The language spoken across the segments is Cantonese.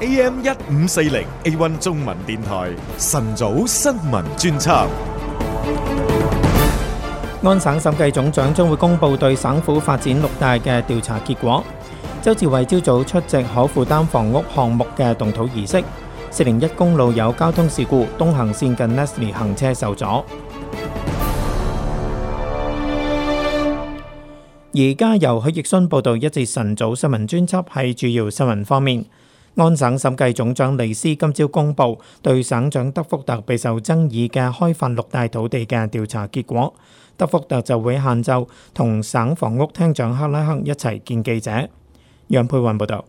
A.M. 一五四零 A1 中文電台晨早新聞專輯。安省審計總長將會公布對省府發展六大嘅調查結果。周志偉朝早出席可負擔房屋項目嘅動土儀式。四零一公路有交通事故，東行線近 Nestle 行車受阻。 而家由許奕迅報道，一節晨早新聞專輯係主要新聞方面。安省審計總長利斯今朝公布對省長德福特備受爭議嘅開發六大土地嘅調查結果，德福特就會下晝同省房屋廳長克拉克一齊見記者。楊佩雲報道。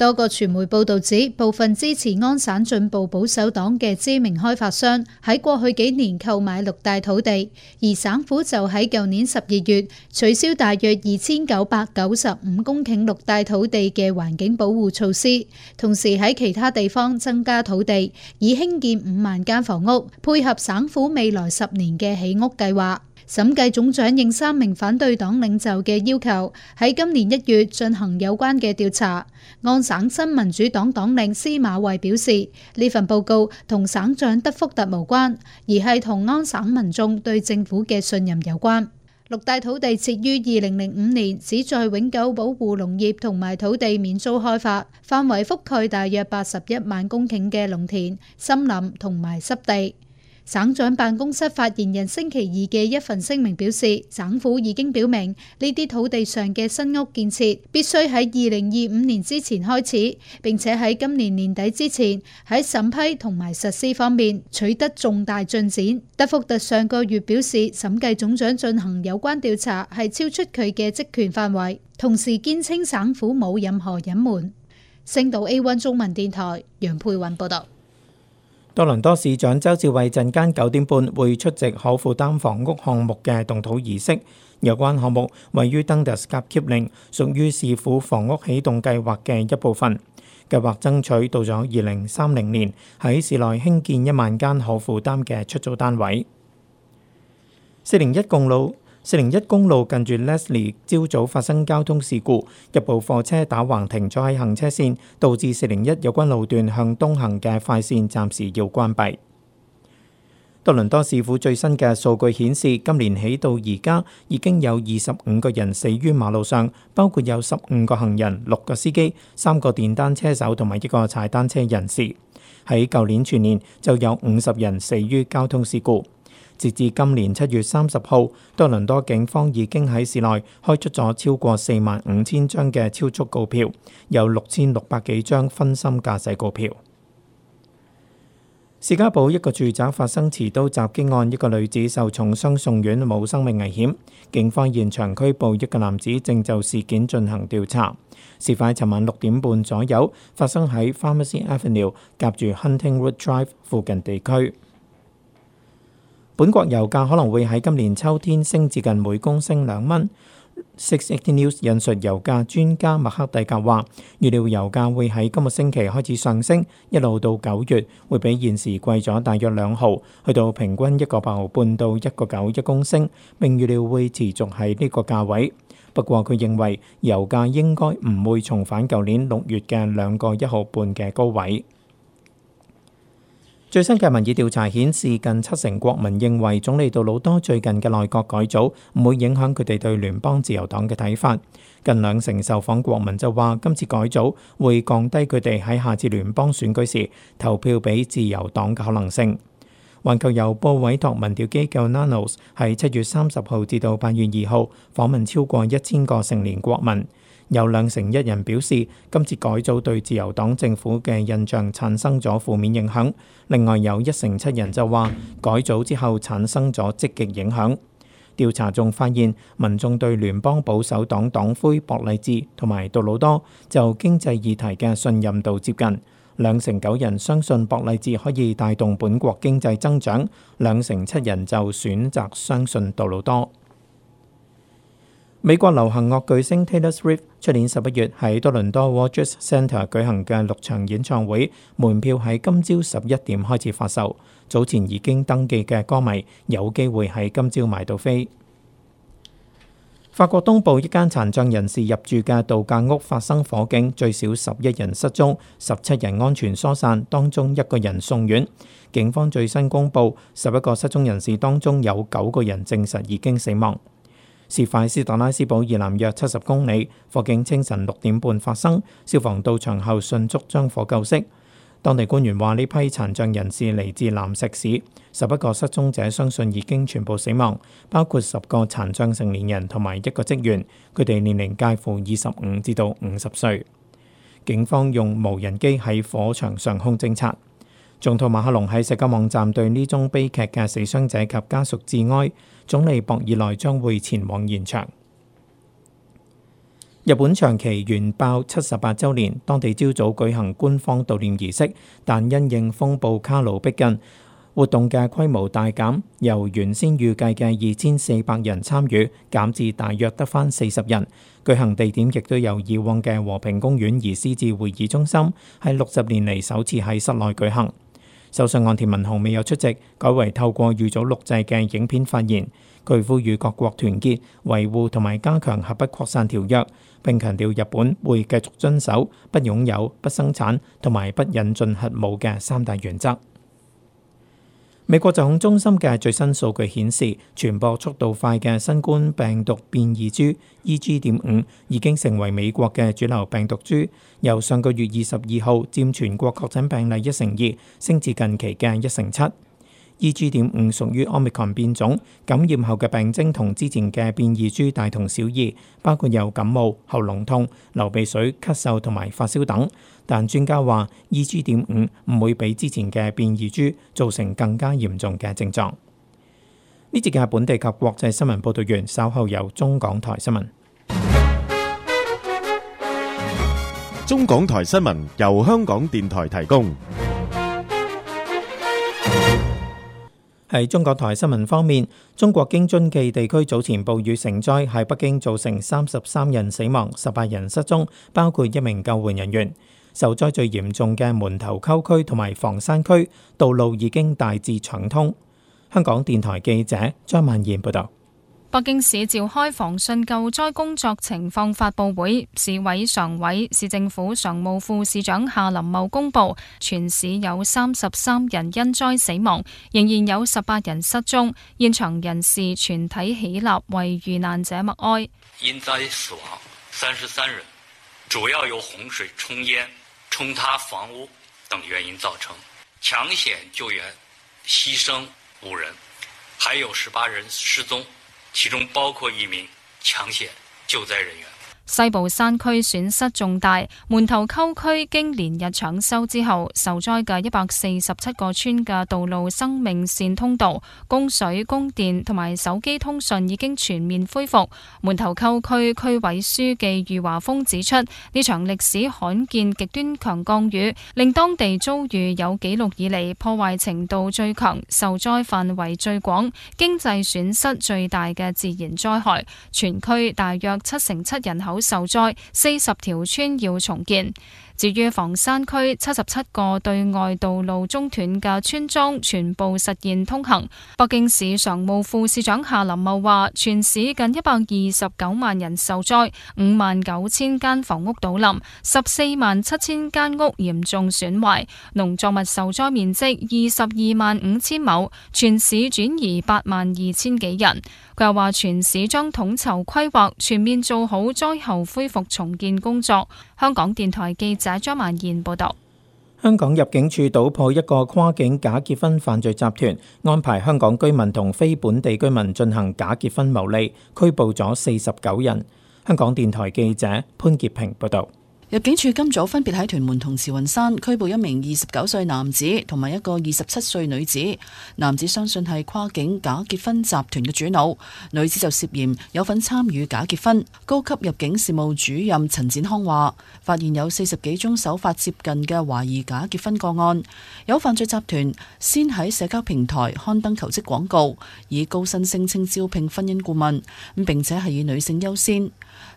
多個傳媒報道指，部分支持安省進步保守黨嘅知名開發商喺過去幾年購買六大土地，而省府就喺舊年十二月取消大約二千九百九十五公頃六大土地嘅環境保護措施，同時喺其他地方增加土地，以興建五萬間房屋，配合省府未來十年嘅起屋計劃。審計總長應三名反對黨領袖嘅要求，喺今年一月進行有關嘅調查。安省新民主黨黨領司馬衛表示，呢份報告同省長德福特無關，而係同安省民眾對政府嘅信任有關。六大土地設於二零零五年，旨在永久保護農業同埋土地免遭開發，範圍覆蓋大約八十一萬公頃嘅農田、森林同埋濕地。省長辦公室發言人星期二嘅一份聲明表示，省府已經表明呢啲土地上嘅新屋建設必須喺二零二五年之前開始，並且喺今年年底之前喺審批同埋實施方面取得重大進展。德福特上個月表示，審計總長進行有關調查係超出佢嘅職權範圍，同時堅稱省府冇任何隱瞞。星島 A1 中文電台楊佩雲報道。多倫多市長周志偉陣間九點半會出席可負擔房屋項目嘅動土儀式，有關項目位於 Dundas 夾 Kipling，屬於市府房屋起動計劃嘅一部分，計劃爭取到咗二零三零年喺市內興建一萬間可負擔嘅出租單位。四零一公路。四零一公路近住 Leslie，朝早發生交通事故，一部貨車打橫停咗喺行車線，導致四零一有關路段向東行嘅快線暫時要關閉。多倫多市府最新嘅數據顯示，今年起到而家已經有二十五個人死於馬路上，包括有十五個行人，六個司機，三個電單車手同埋一個踩單車人士。喺舊年全年就有五十人死於交通事故。截至今年七月三十號，多倫多警方已經喺市內開出咗超過四萬五千張嘅超速告票，有六千六百幾張分心駕駛告票。士嘉堡一個住宅發生持刀襲擊案，一個女子受重傷送院，冇生命危險。警方現場拘捕一個男子，正就事件進行調查。事發尋晚六點半左右，發生喺 Pharmacy Avenue 夾住 Huntingwood Drive 附近地區。本國油價可能會喺今年秋天升至近每公升兩蚊。680 News 引述油價專家麥克蒂格話：預料油價會喺今個星期開始上升，一路到九月會比現時貴咗大約兩毫，去到平均一個八毫半到一個九一公升。並預料會持續喺呢個價位。不過佢認為油價應該唔會重返舊年六月嘅兩個一毫半嘅高位。最新嘅民意調查顯示，近七成國民認為總理杜魯多最近嘅內閣改組唔會影響佢哋對聯邦自由黨嘅睇法。近兩成受訪國民就話，今次改組會降低佢哋喺下次聯邦選舉時投票俾自由黨嘅可能性。環球郵報委託民調機構 Nanos 喺七月三十號至到八月二號訪問超過一千個成年國民。有兩成一人表示今次改組對自由黨政府嘅印象產生咗負面影響，另外有一成七人就話改組之後產生咗積極影響。調查仲發現，民眾對聯邦保守黨黨魁博勵治同埋杜魯多就經濟議題嘅信任度接近，兩成九人相信博勵治可以帶動本國經濟增長，兩成七人就選擇相信杜魯多。美國流行樂巨星 Taylor Swift 出年十一月喺多倫多 Rogers Centre 舉行嘅六場演唱會，門票喺今朝十一點開始發售。早前已經登記嘅歌迷有機會喺今朝買到飛。法國東部一間殘障人士入住嘅度假屋發生火警，最少十一人失蹤，十七人安全疏散，當中一個人送院。警方最新公布，十一個失蹤人士當中有九個人證實已經死亡。事發斯特拉斯堡以南約七十公里，火警清晨六點半發生。消防到場後迅速將火救熄。當地官員話：呢批殘障人士嚟自南石市，十一個失蹤者相信已經全部死亡，包括十個殘障成年人同埋一個職員。佢哋年齡介乎二十五至到五十歲。警方用無人機喺火場上空偵察。總統馬克龍喺社交網站對呢宗悲劇嘅死傷者及家屬致哀。總理博爾內將會前往現場。日本長崎原爆七十八週年，當地朝早舉行官方悼念儀式，但因應風暴卡魯逼近，活動嘅規模大減，由原先預計嘅二千四百人參與減至大約得返四十人。舉行地點亦都由以往嘅和平公園移師至會議中心，喺六十年嚟首次喺室內舉行。首相岸田文雄未有出席，改為透過預早錄製嘅影片發言，佢呼籲各國團結維護同埋加強核不擴散條約，並強調日本會繼續遵守不擁有、不生產同埋不引進核武嘅三大原則。美國疾控中心嘅最新數據顯示，傳播速度快嘅新冠病毒變異株 EG 點五已經成為美國嘅主流病毒株，由上個月二十二號佔全國確診病例一成二，升至近期嘅一成七。E.G. 點五屬於 Omicron 變種，感染後嘅病徵同之前嘅變異株大同小異，包括有感冒、喉嚨痛、流鼻水、咳嗽同埋發燒等。但專家話，E.G. 點五唔會比之前嘅變異株造成更加嚴重嘅症狀。呢節嘅係本地及國際新聞，報導員稍後有中港台新聞。中港台新聞由香港電台提供。喺中國台新聞方面，中國京津冀地區早前暴雨成災，喺北京造成三十三人死亡，十八人失蹤，包括一名救援人員。受災最嚴重嘅門頭溝區同埋房山區，道路已經大致暢通。香港電台記者張萬燕報道。北京市召開防汛救災工作情況發布會，市委常委、市政府常務副市長夏林茂公布，全市有三十三人因災死亡，仍然有十八人失蹤。現場人士全體起立，為遇難者默哀。因災死亡三十三人，主要由洪水沖淹、沖塌房屋等原因造成。搶險救援犧牲五人，還有十八人失蹤。其中包括一名搶險救災人員。西部山區損失重大，門頭溝區經連日搶修之後，受災嘅一百四十七個村嘅道路、生命線通道、供水、供電同埋手機通訊已經全面恢復。門頭溝區區委書記余華鋒指出，呢場歷史罕見極端強降雨令當地遭遇，有紀錄以嚟破壞程度最強、受災範圍最廣、經濟損失最大嘅自然災害，全區大約七成七人口。受災四十條村要重建。至於房山區七十七個對外道路中斷嘅村莊全部實現通行。北京市常務副市長夏林茂話：全市近一百二十九萬人受災，五萬九千間房屋倒冧，十四萬七千間屋嚴重損壞，農作物受災面積二十二萬五千畝，全市轉移八萬二千幾人。佢又話：全市將統籌規劃，全面做好災後恢復重建工作。香港電台記者。張萬燕報道，香港入境處搗破一個跨境假結婚犯罪集團，安排香港居民同非本地居民進行假結婚牟利，拘捕咗四十九人。香港電台記者潘潔平報道。入境處今早分別喺屯門同慈雲山拘捕一名二十九歲男子同埋一個二十七歲女子，男子相信係跨境假結婚集團嘅主腦，女子就涉嫌有份參與假結婚。高級入境事務主任陳展康話，發現有四十幾宗手法接近嘅懷疑假結婚個案，有犯罪集團先喺社交平台刊登求職廣告，以高薪聲稱招聘婚姻顧問，咁並且係以女性優先。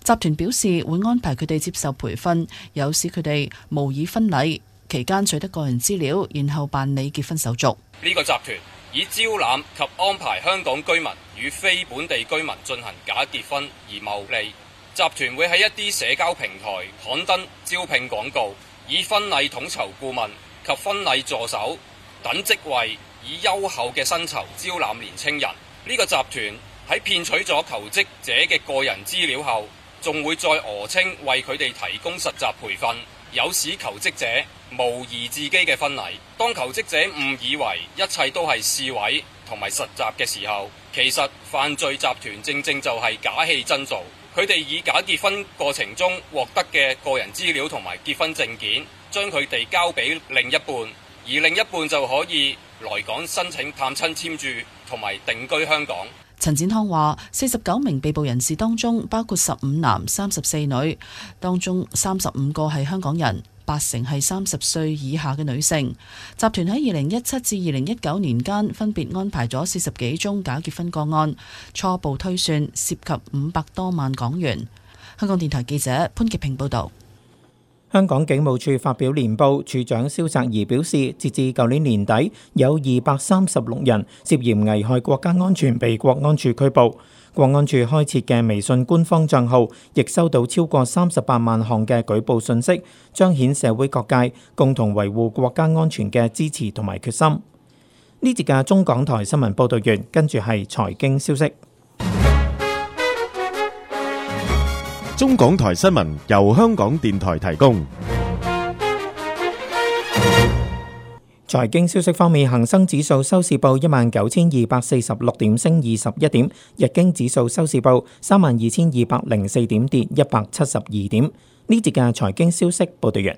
集團表示會安排佢哋接受培訓。有時佢哋模擬婚禮期間取得個人資料，然後辦理結婚手續。呢個集團以招攬及安排香港居民與非本地居民進行假結婚而牟利。集團會喺一啲社交平台刊登招聘廣告，以婚禮統籌顧問及婚禮助手等職位，以優厚嘅薪酬招攬年青人。呢個集團喺騙取咗求職者嘅個人資料後。仲會再訛稱為佢哋提供實習培訓，有使求職者無疑自己嘅婚禮。當求職者誤以為一切都係試位同埋實習嘅時候，其實犯罪集團正正就係假戲真做。佢哋以假結婚過程中獲得嘅個人資料同埋結婚證件，將佢哋交俾另一半，而另一半就可以來港申請探親簽注同埋定居香港。陳展康話，四十九名被捕人士當中，包括十五男、三十四女，當中三十五個係香港人，八成係三十歲以下嘅女性。集團喺二零一七至二零一九年間，分別安排咗四十幾宗假結婚個案，初步推算涉及五百多萬港元。香港電台記者潘潔平報道。香港警務處發表年報，處長蕭澤頤表示，截至舊年年底，有二百三十六人涉嫌危害國家安全被國安處拘捕。國安處開設嘅微信官方賬號，亦收到超過三十八萬項嘅舉報信息，彰顯社會各界共同維護國家安全嘅支持同埋決心。呢節嘅中港台新聞報道完，跟住係財經消息。中港台新聞由香港電台提供。財經消息方面，恒生指數收市報一萬九千二百四十六點，升二十一點；日經指數收市報三萬二千二百零四點，跌一百七十二點。呢節嘅財經消息報道完。